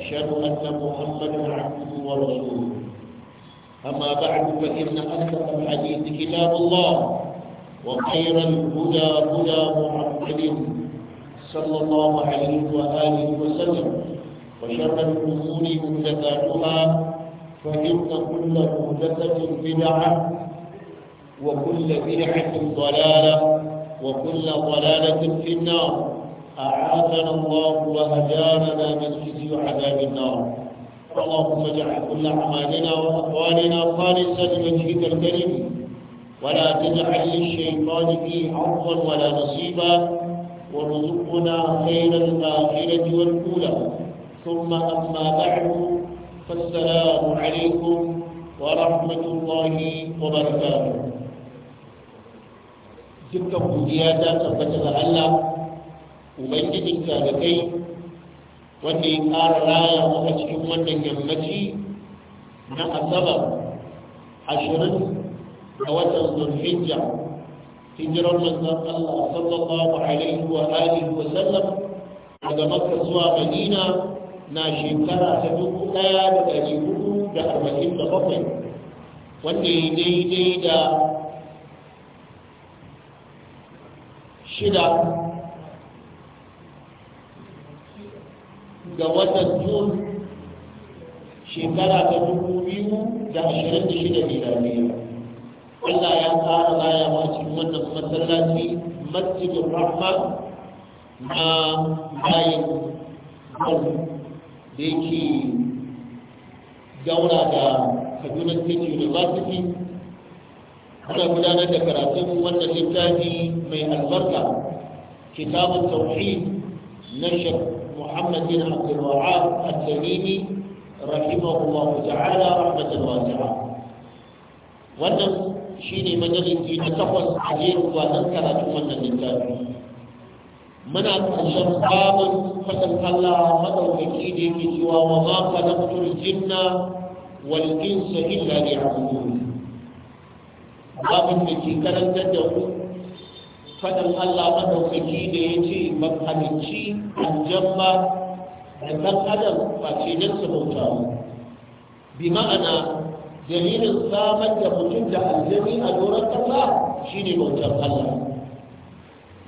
أشهد أن محمدا عبده ورسوله أما بعد فإن أصدق الحديث كتاب الله وخير الهدى هدى محمد صلى الله عليه وآله وسلم وشر الأمور محدثاتها فإن كل محدثة بدعة وكل بدعة ضلالة وكل ضلالة في النار أعاذنا الله وهجارنا من خزي وعذاب النار اللهم اجعل كل أعمالنا وأقوالنا خالصا لوجهك الكريم ولا تجعل للشيطان فيه عرضا ولا نصيبا وارزقنا خير الآخرة والأولى ثم أما بعد فالسلام عليكم ورحمة الله وبركاته dukkan godiya ta tabbata ga Allah da kai wanda ya ƙara raya a cikin wannan yammaci na asabar ashirin a watan zulhijja hijirar manzon Allah sallallahu alaihi wa alihi wa sallam daga Makka zuwa Madina na shekara ta dubu ɗaya da ɗari hudu da arba'in da bakwai wanda ya daidai da shida ga watan jun shekara ta dubu biyu da ashirin da shida biyu, Allah ya tsara laya ma cikin wannan masallaci masjidin rahma na bayan gwal da yake gaura da kaduna state university ana gudanar da karatun wannan littafi mai albarka kitabun tauhid na shakku محمد بن عبد الوهاب التميمي رحمه الله تعالى رحمة واسعة wannan shine majalisi na takwas a jerin wannan karatun wannan littafi muna ƙarshen babin faɗin Allah maɗaukaki da yake cewa wa ma khalaqtul jinna wal insa illa karantar da fadan Allah madaukaki da ya ce ban halicci aljanna da ɗan adam face don su bauta bi ma'ana dalilin samar da mutum da aljami a doron ƙasa shine bautar Allah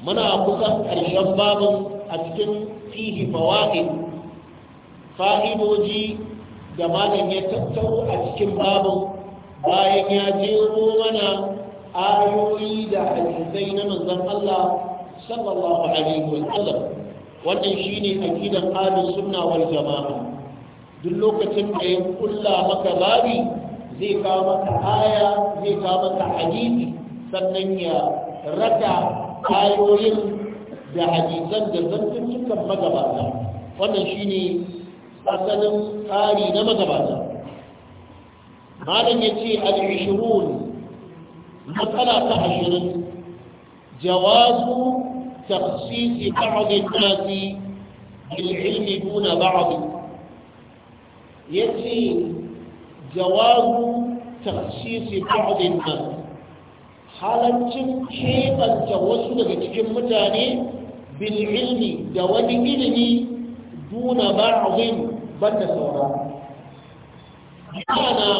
muna kusan ƙarshen babin a cikin fihi fawa'id fa'idoji da malam ya tattaro a cikin babin bayan ya jero mana ayoyi da hadisai na manzon Allah sallallahu alaihi wasallam wannan shine akidan ahlus sunna wal jama'a duk lokacin da ya kulla maka babi zai kawo maka aya zai kawo maka hadisi sannan ya raka ayoyin da hadisan da zantuttukan magabata wannan shine asalin tsari na magabata malam ya ce al-ishirun matsala ta ashirin jawazu taksisi ba'adin nasi bil'ilmi duna ba'adin ya ce jawazu taksisi ba'adin nasi halaccin keɓanta wasu daga cikin mutane bil'ilmi da wani ilimi duna ba'adin banda saura. Yana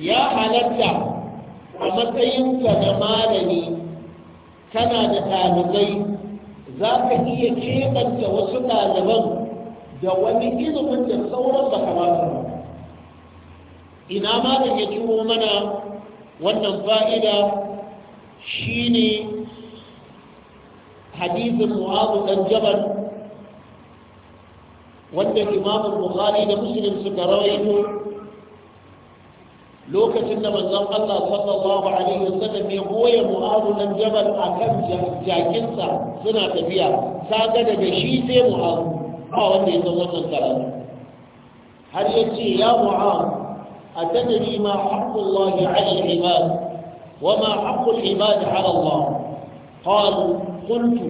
ya halatta a matsayinka da malami kana da ɗalibai za ka iya keɓanta wasu ɗaliban da wani ilimin da sauran ba ka ba ina ma ya turo mana wannan fa'ida shine hadisin mu'azu ɗan jabal wanda imamun bukhari da muslim suka rawaito lokacin da manzon Allah sallallahu alaihi wasallam ya goye mu'azu nan jabal akan jakinsa suna tafiya kaga daga shi sai mu'azu ba wanda ya san wannan karatu har ya ce ya mu'azu atadri ma haqqullahi 'ala al-ibad wa ma haqqul ibad 'ala Allah qal qultu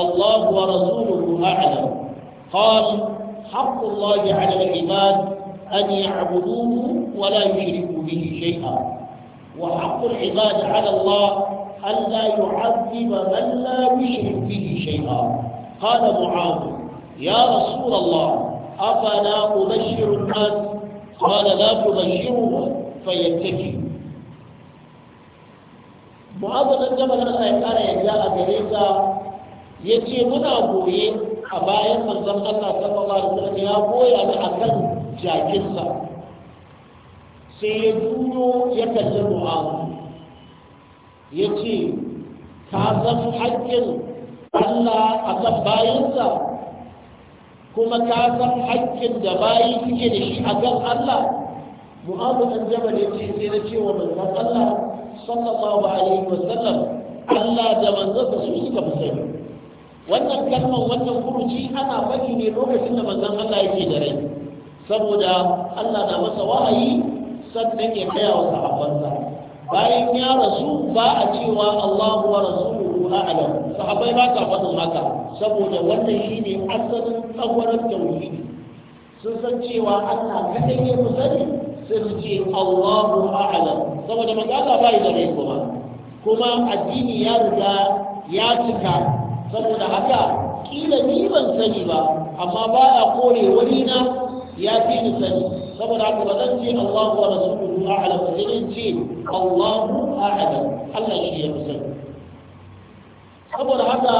Allah wa rasuluhu a'lam qal haqqu Allah 'ala al-ibad an ya'buduhu wa la yushriku به شيئا وحق العباد على الله ألا يعذب من لا يشرك به شيئا قال معاذ يا رسول الله أفلا أبشر الناس قال لا تبشره فيتكي معاذ بن جبل الله يقال يجاء بريسا yace muna goye a bayan manzon Allah sallallahu alaihi wasallam ya goya ni akan jakinsa sai ya juyo ya kalli mu'awu ya ce ka san haƙƙin Allah a kan bayansa kuma ka san haƙƙin da bayi suke da shi a kan Allah mu'awu ɗan jabal ya ce sai na ce wa manzon Allah sallallahu alaihi wa sallam Allah da manzansa su suka fi sani wannan kalmar wannan furuci ana faɗi ne lokacin da manzon Allah yake da rai saboda Allah na masa wa'ayi. sannan ya kai wa sahabbansa bayan ya rasu ba a cewa Allahu wa rasuluhu a'lam sahabbai ba ta faɗin haka saboda wannan shine asalin tsawarar tauhidi sun san cewa Allah kadai ya musani sani, sun ce Allahu a'lam saboda magana bai da rai kuma kuma addini ya riga ya cika saboda haka kila ni ban sani ba amma ba a kore wani na ya fi ni sani saboda haka ba zan ce Allahu wa rasuluhu a'lam ba sai ce Allahu a'lam Allah shi ya fi saboda haka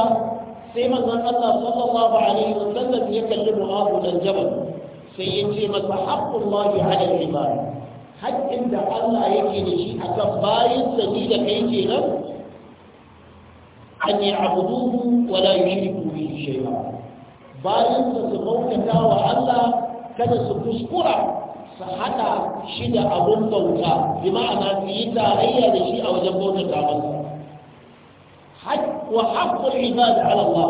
sai manzon Allah sallallahu alaihi wa sallam ya kalli Mu'adh dan Jabal sai ya ce masa haqqullahi 'ala al riba. haƙƙin da Allah yake da shi a akan bayin sani da kai kenan an ya'buduhu wa la yushriku shi ba. bayan su su bauta wa Allah kada su kuskura Ka haɗa shi da abun bauta bi ma'ana su yi tarayya da shi a wajen bautata masa wa haƙƙul ibad ala Allah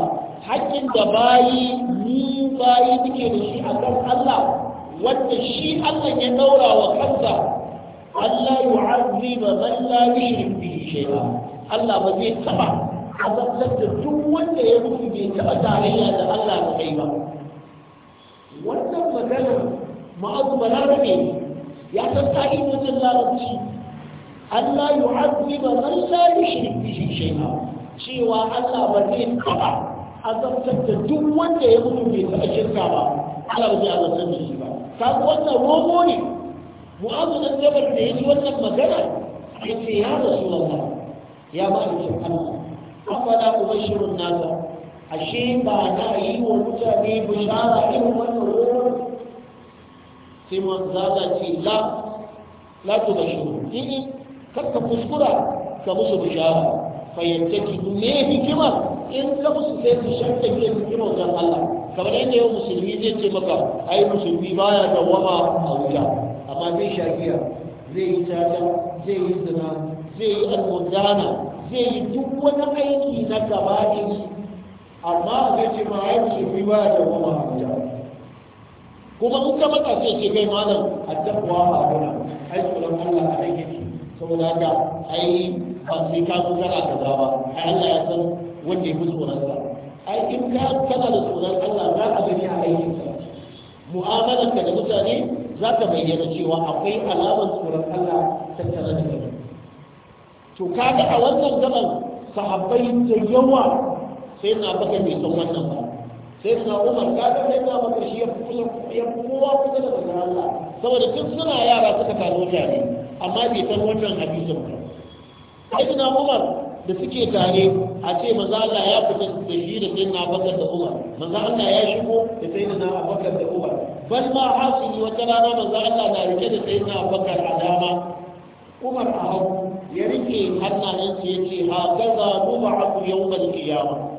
haƙƙin da bayi ni bayi suke da shi a kan Allah wanda shi Allah ya daura wa kansa Allah yu'azziba man la yushrik bihi shay'a Allah ba zai taba azabtar da duk wanda ya mutu bai taba tarayya da Allah da kai ba wannan maganar ma'azu balarabe ya san ka'idojin larabci Allah yu'azziba man la yushrik shi shay'a cewa Allah ba zai kaba azabtar da duk wanda ya mutu bai taɓa shirka ba Allah ba zai azabtar da shi ba kaga wannan romo ne mu'azu dan jabar da ya yaji wannan magana yace ya rasulullah ya ba ni Allah kuma shirin nasa ashe ba na yi wa mutane bishara irin wannan romo sai mu zaza ce la la tu bashiru in eh, eh, karka kuskura ka musu bishara ki? ne hikimar in ka musu sai su shanta ke hikimar wajen Allah kamar yadda yau musulmi zai ce maka ai musulmi baya da wama a wuta amma zai shagiya zai yi tata zai yi zina zai yi almundana zai yi duk wani aiki na gaba amma zai ce ma ai musulmi baya da wama a wuta kuma in ka mata ce ke kai malam a takwa ba gona ai tsoron Allah a rage shi saboda haka ai ba sai ka zo kana kaza ba ai Allah ya san wanda ya fi tsoron sa ai in ka kana da tsoron Allah za ka gani a aikin sa mu'amalar ka da mutane za ka bayyana cewa akwai alamar tsoron Allah tattare da kai to kaga a wannan zaman sahabbai da yawa sai na baka mai san wannan ba sai suna umar kaga sai suna bakar shi ya fi kowa kusa da manzon Allah saboda tun suna yara suka kano tare amma bai san wannan hadisin ba sai suna umar da suke tare a ce maza Allah ya fita da shi da sai na bakar da umar maza Allah ya shigo da sai na bakar da umar bal ma hasili wata rana maza Allah na rike da sai na bakar a dama umar a hau ya rike hannayensa ya ce ha gaza nuba'atu yawmal qiyamah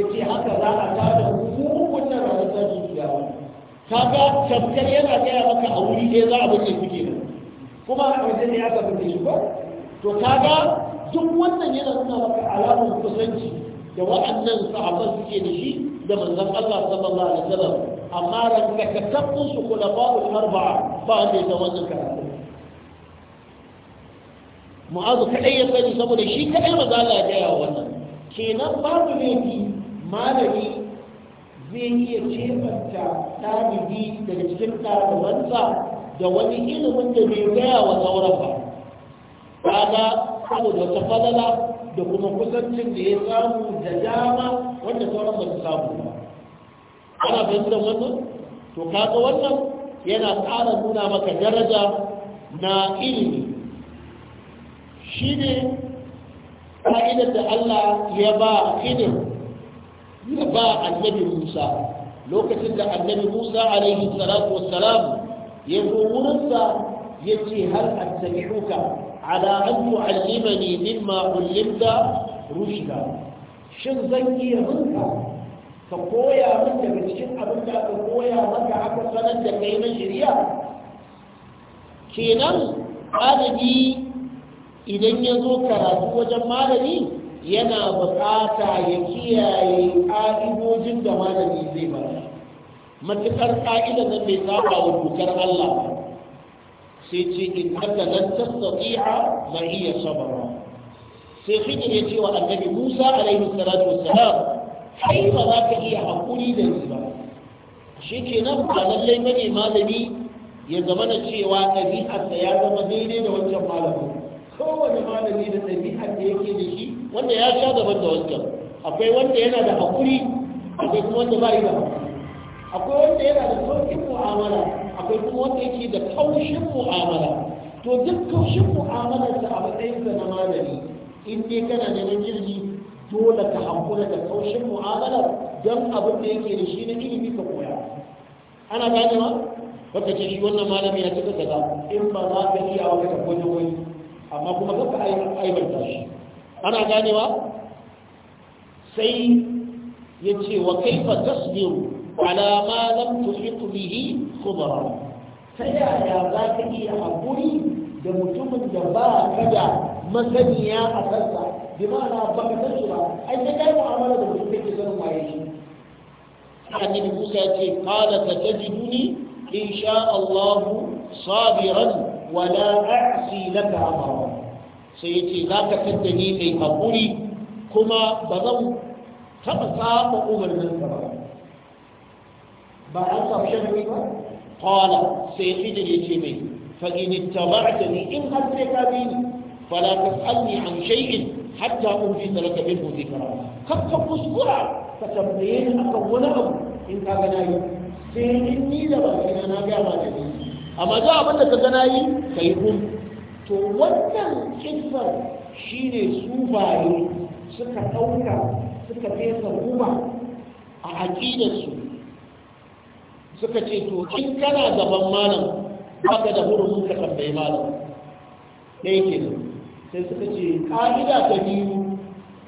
yake haka za a tada hukumun nan ranar zuciya kaga tamkar yana gaya maka a wuri ɗaya za a bace kuke nan kuma a wajen ne aka bace shi ba to kaga duk wannan yana nuna maka alamar kusanci da wa'annan sahabban suke da shi da manzon Allah sallallahu alaihi wasallam amma ran ka tabbun su kula ba'ul arba'a ba da ta wannan karatu mu'azu kadai ya sani saboda shi kadai maza Allah ya gaya wannan kenan babu laifi malami zai iya ta ɗalibi daga cikin ɗalibansa da wani ilimin da bai gaya wa sauran ba kaga saboda wata falala da kuma kusancin da ya samu da dama wanda sauran ba su samu ba ana fahimtar wannan to kaga wannan yana ƙara nuna maka daraja na ilimi shi ne ka'idar da Allah ya ba ilimi ya ba annabi Musa lokacin da annabi Musa alaihi salatu wassalam ya zo wurinsa ya ce hal attabi'uka ala an tu'allimani mimma ullimta rushda shin zan iya rinka ka koya min daga cikin abin da aka koya maka aka sanar da kai na shari'a kenan adadi idan ya zo karatu wajen malami yana bukata ya kiyaye ƙa'idojin da malami zai bada matuƙar ƙa'idar nan bai saba wa dokar Allah ba sai ce in haka lan tastati'a ma iya sabara sai fikin ya ce wa annabi Musa alaihi salatu wassalam kai ba za ka iya hakuri da ni ba shikenan ba lallai bane malami ya zama na cewa ɗabi'arsa ya zama daidai da wancan malamin kowane malami da ɗabi'ar da yake da shi wanda ya sha daban da wancan akwai wanda yana da hakuri akwai kuma wanda ba yi ba akwai wanda yana da sauƙin mu'amala akwai kuma wanda yake da kaushin mu'amala to duk kaushin mu'amala da a matsayin ka na malami in dai kana neman jirgi dole ka hankula da kaushin mu'amala don abin da yake da shi na ilimi ka koya ana gane ma baka ce shi wannan malami ya cika kaza in ba za ka iya wata ka koyi amma kuma ka aibanta shi ana ganewa sai ya ce wa kaifa tasbiru ala ma lam tuhit bihi khubra ta yaya za ka iya haƙuri da mutumin da ba ka da masaniya a kansa bi ma'ana ba ka san shi ba ai sai kai mu'amala da mutum da ke sanin waye shi annabi Musa ya ce qala satajiduni in sha Allah sabiran wa la a'si laka amra sai ya ce za ka tadda ni mai haƙuri kuma ba zan taɓa saba umarnin ka ba ba an samu shan ba qala sai hijir ya ce mai fa in ittaba'tani in har sai ka bi ni fala tas'alni an shay'in hatta fi unfita laka minhu dhikra kakka kuskura ka tambaye ni akan wani abu in ka gana nayi sai in ni da bakina na gaya ma da ni amma da abin da ka ga ka yi hum to wannan kisar shine sufaye suka ɗauka suka fesa guba a aƙidarsu suka ce to in kana gaban malam baka da hurumin ka tambayi malam ɗaya ke sai suka ce ƙa'ida ta biyu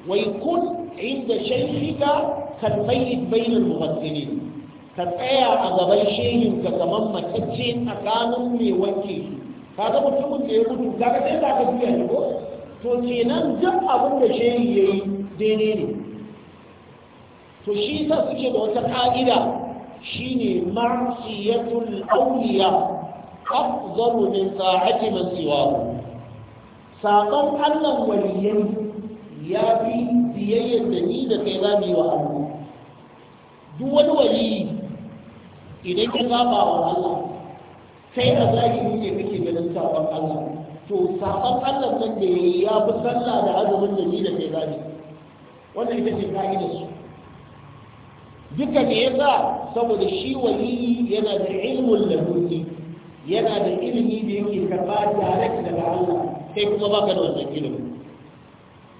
wai kun inda shaikika kan mayyit bainul muhassinin ka tsaya a gaban shehin ka kamar matacce tsakanin mai wanke su ka mutumin da ya gudu ka ga sai za ka juya ne ko to kenan duk abin da shehi ya yi daidai ne to shi sa suke da wata ka'ida shine ma'siyatul awliya afdalu min sa'ati man siwahu saƙon Allah waliyai ya fi biyayyar da ni da kai za mu yi wa Allah duk wani waliyi idan ka saba wa Allah kai a zahiri ne kake ganin sabon Allah to sabon Allah nan da ya fi sallah da azumin da ni da kai zahiri wannan ita ce ka'idar su duka me yasa saboda shi waliyi yana da ilmun ladunni yana da ilimi da yake karba direct daga Allah kai kuma baka da wannan ilimin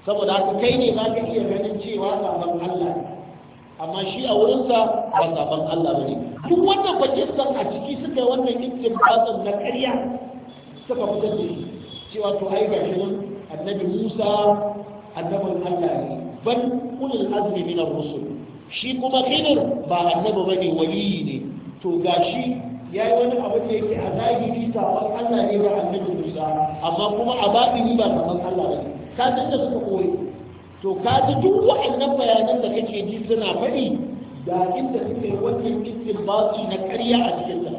saboda haka kai ne za ka iya ganin cewa sabon Allah amma shi a wurinsa ba saban Allah ba ne. duk wannan fakirsan a ciki suka yi wannan ittifaqan na ƙarya suka fitar da shi cewa to ai ga shi annabi Musa annabin Allah ne ban ulul azmi min ar-rusul shi kuma Khidir ba annabi ba ne waliyi ne to ga shi ya yi wani abu da yake a zagi zahiri saban Allah ne ga annabi Musa amma kuma a batini ba saban Allah ba ne. ka san da suka to ka ji duk wa'annan bayanan da kake ji suna faɗi da inda suke wannan istinbati na ƙarya a cikin sa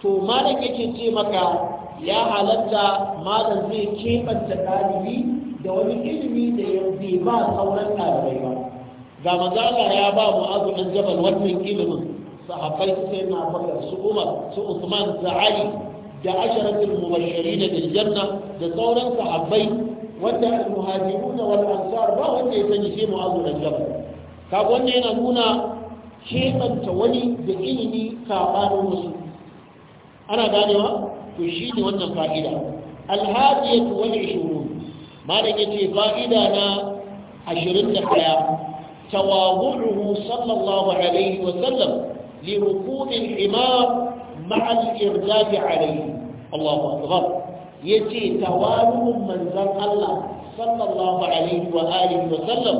to malam yake ce maka ya halatta malam zai keɓanta ɗalibi da wani ilimi da ya bai ba sauran ɗalibai ba ga magana ya ba mu'azu ɗan jabal wannan ilimin sahabbai sai na bakar su umar su usman da ali da asharatul mubashirin da janna da sauran sahabbai wanda al-muhajirun wal ansar ba wanda ya sani sai mu'azu dan jabal kaga wannan yana nuna kebanta wani da ilimi kafarin wasu ana ganewa to shi ne wannan fa'ida Al-Hadi alhadiyatu wal ishurun malam yace fa'ida na 21 tawadu'uhu sallallahu alaihi wa sallam li ruku'i al-imam ma'a al-irdad alaihi Allahu akbar yace tawadu'un manzo sallallahu alaihi wa alihi wa sallam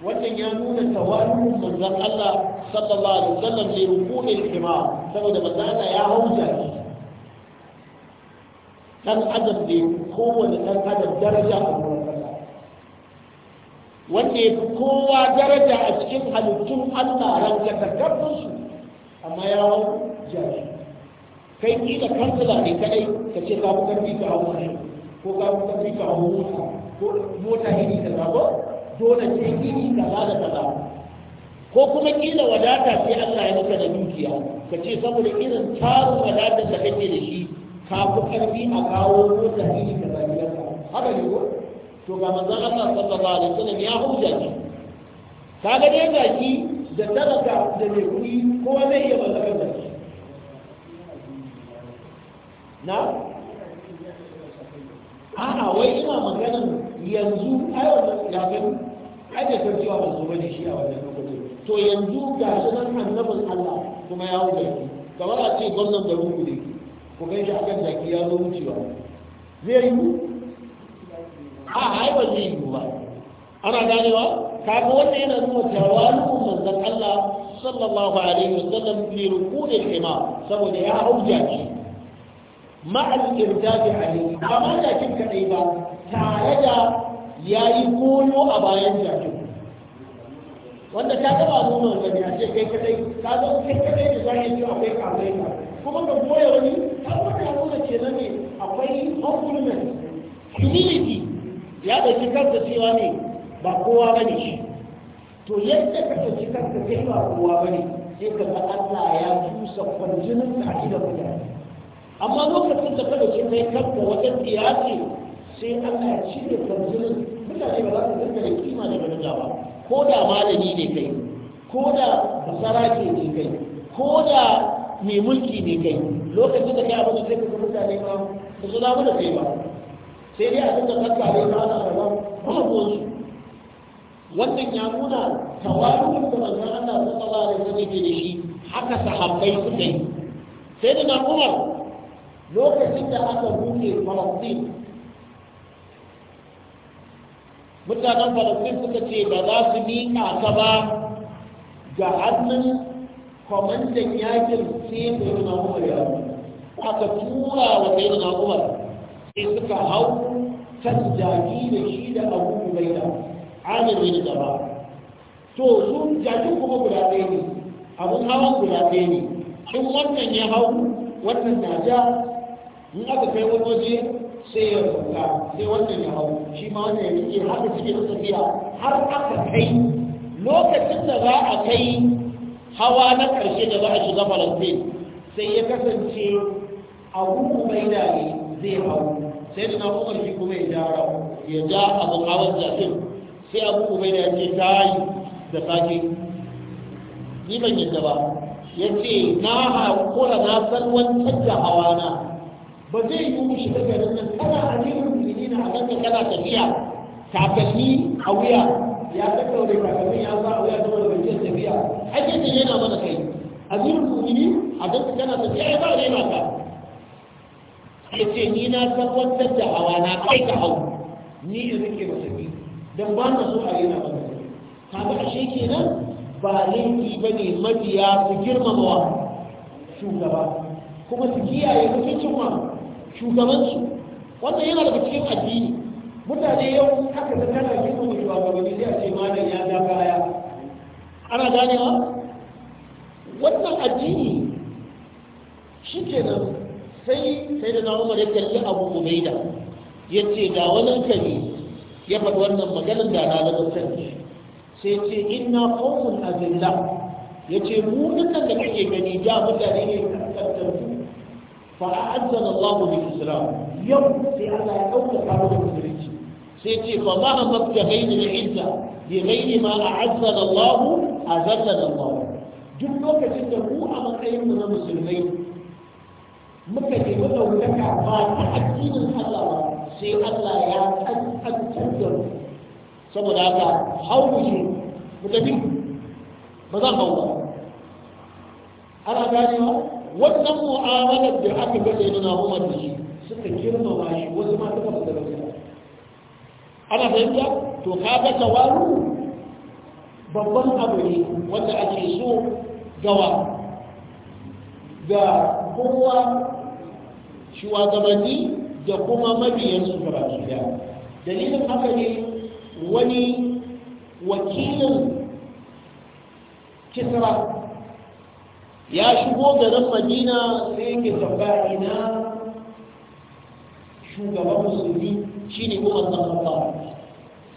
wannan ya nuna tawarin manzon Allah sallallahu alaihi wa sallam li ruku'il himar saboda manzon ya hauja dan adam ne kowane dan adam daraja a wurin Allah wanda ya fi kowa daraja a cikin halittun Allah ran ranka su amma ya hau jari kai kila kansila ne kadai ka ce ka fi karfi ka hau ko ka fi karfi ka hau mota mota iri kaza ko dole ce iri kaza da kaza ko kuma kila wadata sai Allah ya maka da dukiya ka ce saboda irin tarin wadatar da kake da shi ka fi karfi a kawo mota iri kaza gidanka haka ne ko to ga manzon Allah sallallahu alaihi wasallam ya hujja ki kaga dai ga ki da daraka da mai kuɗi kowa zai iya mallakar da na a'a yanzu ai wannan kafin ai da san cewa manzo bane shi a wannan lokacin to yanzu ga shi nan annabin Allah kuma ya huda shi kamar a ce gwamnan da ku ne ku gan shi akan zaki ya zo wucewa zai yi a ai ba zai yi ba ana ganewa kaga wannan yana nuna tawalu manzon Allah sallallahu alaihi wasallam li ruku'il imam saboda ya hauja shi ma al-irtadi alaihi ba ma da kin kadai ba tare da ya yi goyo a bayan jakin wanda ta gaba nuna wanda ne a ce kai kadai ta zo kai kadai da zai ce akwai kamar ka kuma da goya wani ta wata nuna ce nan ne akwai compliment humility ya ɗauki kansa cewa ne ba kowa ba ne shi to yadda ka ɗauki kanka kai ba kowa ba ne sai ka ga Allah ya tusa kwanjinin ka a gidan mutane amma lokacin da ka ɗauki kai kanka wajen tsiya sai an ya cire kwanjinin mutane ba za su dinga da kima da daraja ba ko da malami ne kai ko da basarake ne kai ko da mai mulki ne kai lokacin da kai abin da sai ka mutane ba ba su damu da kai ba sai dai a dinga tsakka ne ba ana ba ba ko su wannan ya nuna tawarin da manzon Allah sallallahu alaihi wasallam yake da shi haka sahabbai suka yi sai da na Umar lokacin da aka buɗe Falastin mutanen falastin suka ce ba za su miƙa ta ba ga hannun kwamandan yakin sai da yi na umar ya aka tura wa sai da na umar sai suka hau kan jaki da shi da abu mai da amir da ba to su jaki kuma guda ɗaya ne abun hawan guda ɗaya ne in wannan ya hau wannan na ja in aka kai wani waje sai ya sauka sai wannan ya hau shi ma wannan ya rike haka suke ta tafiya har aka kai lokacin da za a kai hawa na ƙarshe da za a shiga falastin sai ya kasance abu mai da zai hau sai da na umar kuma ya jara ya ja abin hawan zafin sai abu mai da ya ce ta yi da sake ni ban yadda ba ya ce na haƙura na san wancan da hawa na ba zai yi mu shiga garin nan kana amirul mu'minin a kanka kana tafiya takalmi a wuya ya tattaure takalmi ya sa a wuya saboda bai jin tafiya ake ta yana mana kai amirul mu'minin a kanka kana tafiya ya ba ne maka ya ce ni na tabbatar da hawa na kai ka hau ni in rike masa bi dan ba na so a yana mana kai kaga ashe kenan ba laifi ba ne mabiya su girmama shugaba kuma su kiyaye mutuncin wa shugabansu wannan yana daga cikin addini mutane yau haka ga kana girma mai shugabanni sai a ce malam ya ja baya ana ganewa wannan addini shi kenan sai sai da na umar ya kalli abu ubaida ya ce da wani kare ya faɗi wannan maganin da na lalatar sai ce ina kawun azilla ya ce mu dukkan da kake gani da mutane ne kankantar فأعزل الله بالإسلام يوم في على يوم قبل المدرج سيتي فما نظرت غير العزة بغير ما أعزل الله أعزل الله جنوك جدا هو أما أي من المسلمين مكة جدا ولك عفاد أحدين الحضارة سي الله يا أن أن تنزل سمد هذا حوجه مدبين مدى الله أنا قال wannan mu'amalar da aka ga sai na Umar da shi suka girmama shi wasu ma suka fada gaskiya ana fahimta to kaga tawaru babban abu ne wanda ake so gawa ga kowa shugabanni da kuma mabiyansu gaba dalilin haka ne wani wakilin kisra ya shigo garin madina sai yake tambaya ina shugaban musulmi shine umar dan khattab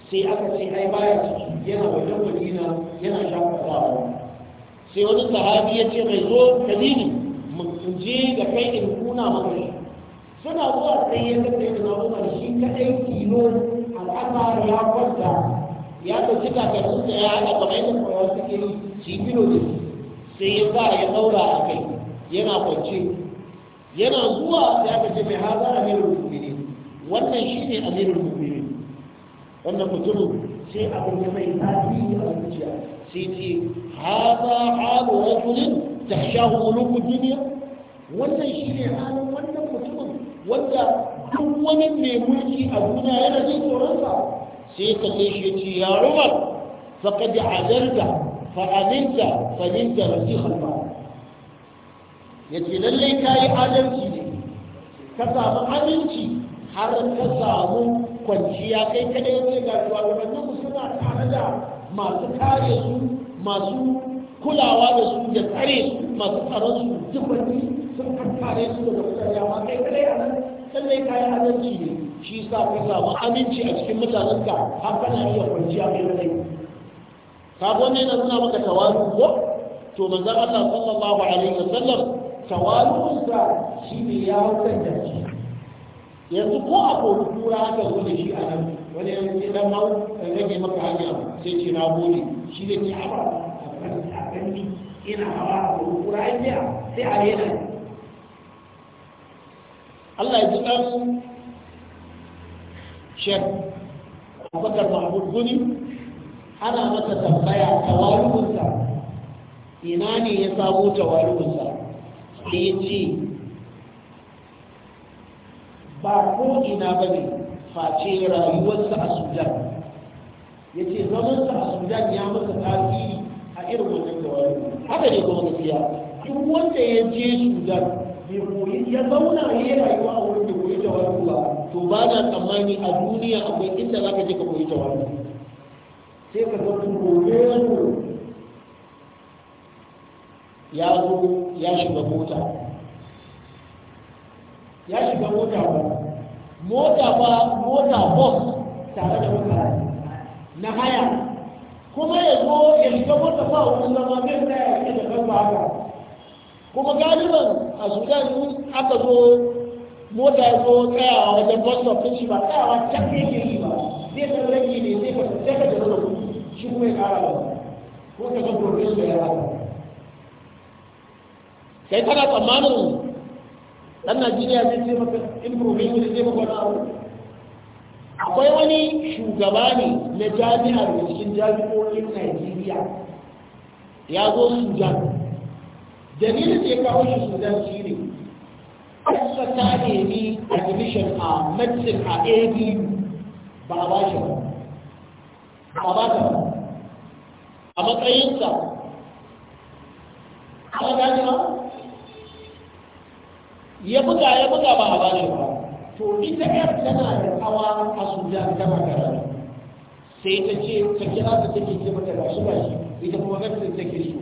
sai aka ce ai baya ciki yana wajen madina yana shakatawa sai wani sahabi ya ce mai zo kalili mu je da kai in kuna maka shi suna zuwa sai ya ga sai na umar shi kadai kilo al'amari ya kwanta ya ɗauki takarunsa ya haɗa kamar yadda kawai suke yi shi kilo da shi sai ya ba ya daura a kai yana kwance yana zuwa ya aka ce mai haza amirul mu'minin wannan shi ne a amirul mu'minin wannan mutumin sai abin da mai tafi a zuciya sai ce haza halu rajulin tahshahu mulukul duniya. wannan shi ne halin wannan mutumin wanda duk wani mai mulki a duniya yana jin tsoronsa sai ka kai shi ya ce ya rubar faqad ajalta fa'alinta da rasihar ba ya ce lallai ka yi adalci ne ka samu aminci har ka samu kwanciya kai kada ya ce ga shugabannin suna tare da masu kare su masu kulawa da su da tsare su masu tsaron su duk wani sun kakkare su da mutane amma kai kada ya nan lallai ka yi adalci ne shi sa ka samu aminci a cikin mutanenka har kana iya kwanciya mai rai kaga wannan yana nuna maka tawalu ko to manzon Allah sallallahu alaihi wasallam tawalu sa shi ne ya hukunta shi yanzu ko a ko kura aka zo da shi a nan wani yanzu ya dan mau dan rage maka hanya sai ce na gode shi ne ke haɓa a kan ina hawa a ko kura hanya sai a yana Allah ya ji dan shek Abubakar Mahmud Guni ana masa tambaya tawarugunsa ina ne ya samu tawarugunsa da ya ce ba ko ina ba ne face rayuwarsa a sudan ya ce zamansa a sudan ya masa tasiri a irin wannan tawarugun haka ne kuma gaskiya duk wanda ya je sudan bai koyi ya zauna ya rayuwa a wurin da koyi ta ba to ba na tsammani a duniya akwai inda za ka je ka koyi tawarugu sai ka ga gobe su ya zo ya shiga mota ya shiga mota ba mota ba mota bus tare da mota na haya kuma ya zo ya shiga mota ba wani zama zai ta ya da kan haka kuma galiban a sudan aka zo mota ya zo tsayawa wajen bus stop shi ba tsayawa can ke yi ba zai san rage ne sai ka sai ka da shi kuma ya ƙara ba ko ka ga professor ya haka kai kana tsammanin dan Najeriya zai ce maka in professor zai maka wani abu akwai wani shugaba ne na jami'ar da cikin jami'o'in Najeriya ya zo Sudan dalilin da ya kawo shi Sudan shi ne ƙasa ta nemi admission a medicine a ABU ba a ba shi ba ba ba ta ba a matsayinsa kuma gani ba ya buga ya buga ba a ba shi ba to ita yar tana da hawa a sudan tana da rana sai ta ce ta kira ta take ce mata ba shi ba shi ita kuma ta take su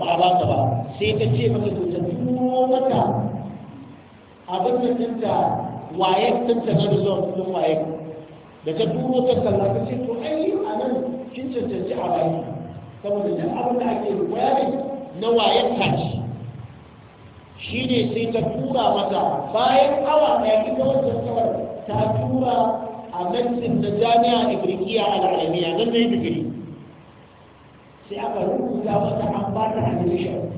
ba a ba ta ba sai ta ce mata to ta turo mata abin da tanta waye tanta na da zuwa cikin wayar da ta turo ta sallah ta ce to ai a nan kin cancanci a baki saboda da abin da ake requiring na wayan tashi shi ne sai ta tura mata bayan awa ya kika wajen kawar ta tura a mantin da jami'a ibrikiya al'alamiya nan na yi digiri sai aka rubuta mata an ba ta admission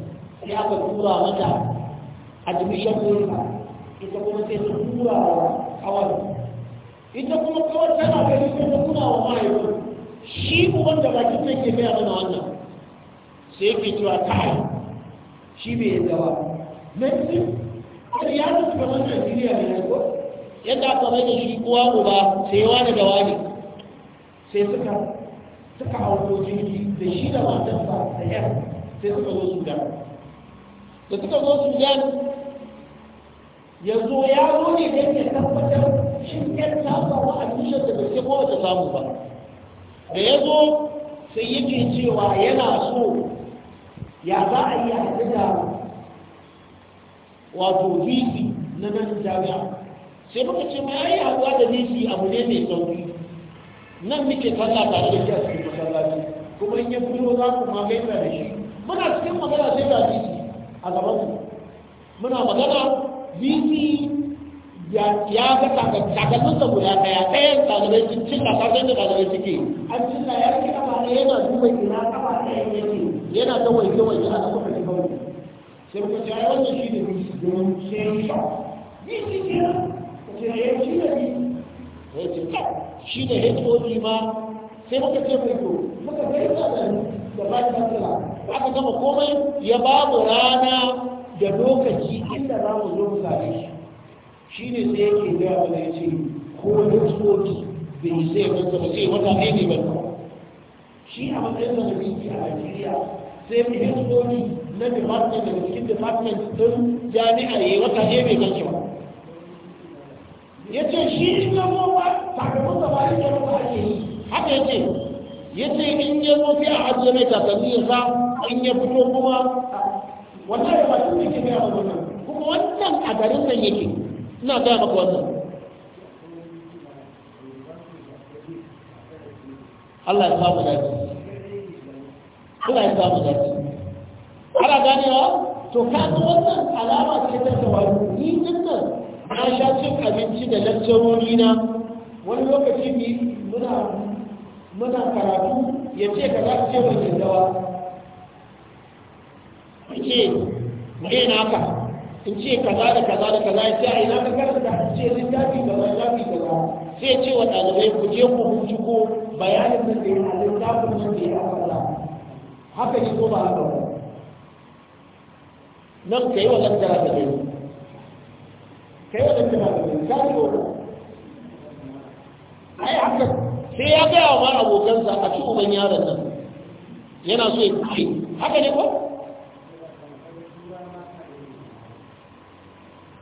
sai aka tura mata admission ɗinka ita kuma sai ta tura wa kawar ita kuma kawar tana gani sai ta tura wa mahaifin shi uban da bakin sai ke gaya mana wannan sai yake cewa kai shi bai yadda ba messi ya mutu kamar najeriya ne ya ko yadda aka mai da shi kowa uba sai wani da wani sai suka suka auko jirgi da shi da matarsa da yar sai suka zo sudan da suka zo sudan yanzu ya zo ne don ya tabbatar shi yar ta samu a tushen da bai sai kowace samu ba da ya zo sai yake cewa yana so ya za a yi haɗu da wato vc na nan jami'a sai muka ce ma yayi haɗuwa da vc abu ne mai sauki nan muke kalla tare da shi cikin masallaci kuma in ya fito za ku ma gaisa da shi muna cikin magana sai ga vc a gaban muna magana vc ya ga takalminsa guda daya ɗayan ɗalibai da ɗalibai suke an ya ne yana duba ina ɗaya yake yana ta a da kawai sai shi shi ya shi ya shi ma sai muka ce mai to muka da da ba ta aka gama komai ya babu rana da lokaci inda za mu zo mu same shi shi ne sai yake gaya mana ya ce ko da bai sai wata ba sai wata ne ne ba shi a matsayin da yi a Najeriya sai mu hukmoki na department da cikin department ɗin jami'a ya wata ne bai ganci ba ya ce shi in ya zo ba sakamakon da ba ya ba ake yi haka ya ce ya ce in ya zo sai a ajiye mai takalmi ya sa in ya fito kuma wannan da ba shi ne ke gaya ba kuma wannan a garin nan yake ina gaya maka wannan Allah ya samu dace Allah ya samu dace ana ganewa to kaga wannan alama ce ta tawadu ni din nan na sha cin abinci da lakcarori na wani lokaci ne muna muna karatu ya ce ka za ka ce mai dawa ya ce mai na haka in ce kaza da kaza da kaza ya ce a ina ka karanta in ce littafi kaza littafi kaza sai ce wa ɗalibai ku je ku ko bayanin nan da ya a littafin nan da ya kaza haka ne ko ba haka ba nan ka yi wa lantara da gani ka yi wa lantara da gani ka ko ai haka sai ya gaya wa ma abokansa a ci uban yaron nan yana so ya kuce haka ne ko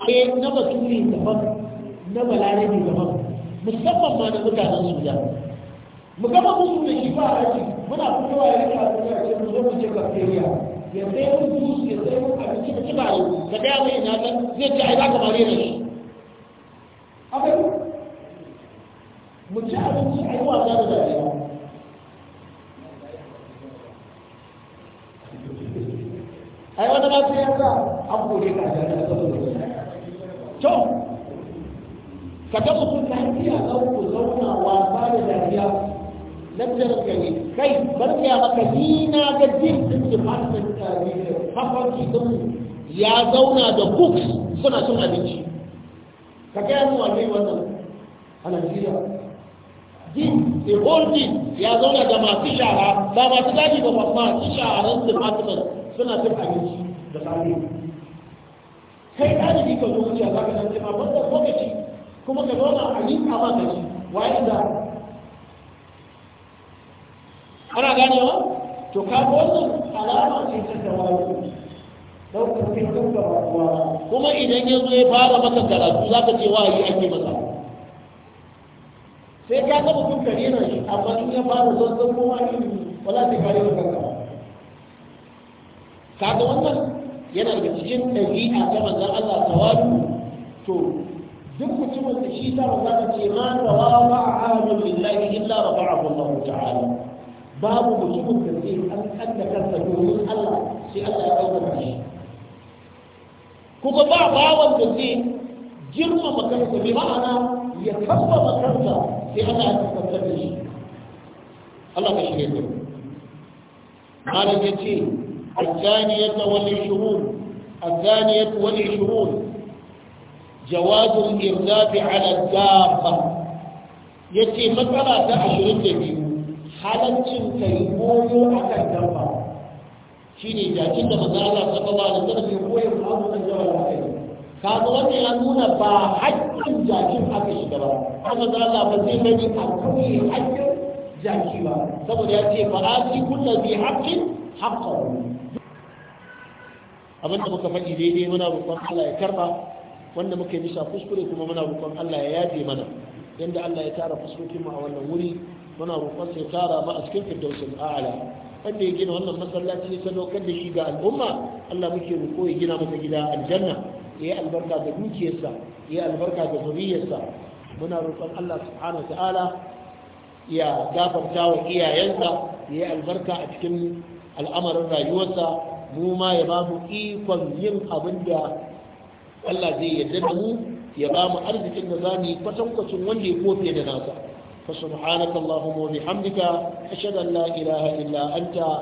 ke eh, na basuri daban na balarabi daban musamman ma na mutanen suya mu gama musu da shi ba aji muna fitowa ya rika a duniya ce mu zo mu ce bacteria ya sai mun jus ya sai mun abinci da kiba yau ka gaya mai na ta zai ce ai za ka bare da shi abai mu ci abinci a yi wasa da zaɓe ka ga mutum ka iya ku zauna wasa da dariya nan da ranka ne kai barka ya maka ni na ga jin din ki fasta ta ne hafanki din ya zauna da cook suna cin abinci ka ga mu wanne wannan ana jira din the whole din ya zauna da masu shara ba masu gadi ba masu sharan department suna cin abinci da sami kai ɗalibi ka zo wuce za ka san cewa wannan lokaci kuma ka zauna a yi a ba ka ci waye da ana ganewa to ka wannan alama ce ta tawaye daukar kai daukar kuwa kuma idan ya zo ya fara maka karatu za ka ce wahayi ake masa sai ka ga mutum kare na shi amma in ya fara zanzan kowa ilimi wala ta kare da kanka kaga wannan yana da cikin ɗabi'a ta manzon Allah tawadu to mutumin da shi ta za ta ce ma rawa ma ahadun lillahi illa rafa'ahu ta'ala babu mutumin da zai an da kansa domin Allah sai Allah ya shi kuma ba bawan da zai girmama kansa bi ma'ana ya kamba kansa sai Allah ya tabbatar da shi Allah ka shirye ku malam yace الثانية والعشرون الثانية والعشرون jawazin irzafi ala dabba ya ce matsala ta ashirin da biyu halaccin kai goyo a kan dabba shi ne jakin da maza Allah ta kaba da koyon da kai kaga ya nuna ba haƙƙin jakin aka shiga ba Kuma maza Allah ba zai gani a kawai haƙƙin jaki ba saboda ya ce fa'ati kullu bi haqqin haqqahu da muka faɗi daidai muna roƙon Allah ya karba wanda muka yi bisa kuskure kuma muna roƙon Allah ya yafe mana yanda Allah ya tara fuskokin mu a wannan wuri muna roƙon sai tara mu a cikin firdausul a'la wanda ya gina wannan masallaci ya sadaukar da shi ga al'umma Allah muke roƙo ya gina masa gida aljanna ya yi albarka da dukiyarsa ya yi albarka da zuriyarsa muna roƙon Allah subhanahu wa ta'ala ya gafarta wa iyayensa ya yi albarka a cikin al'amarin rayuwarsa mu ma ya ba mu ikon yin abin da Allah zai yarda da mu ya ba mu arzikin da mu yi kwatankwacin wanda ya kofe da nasa fa subhanaka allahumma wa bihamdika ashhadu an la ilaha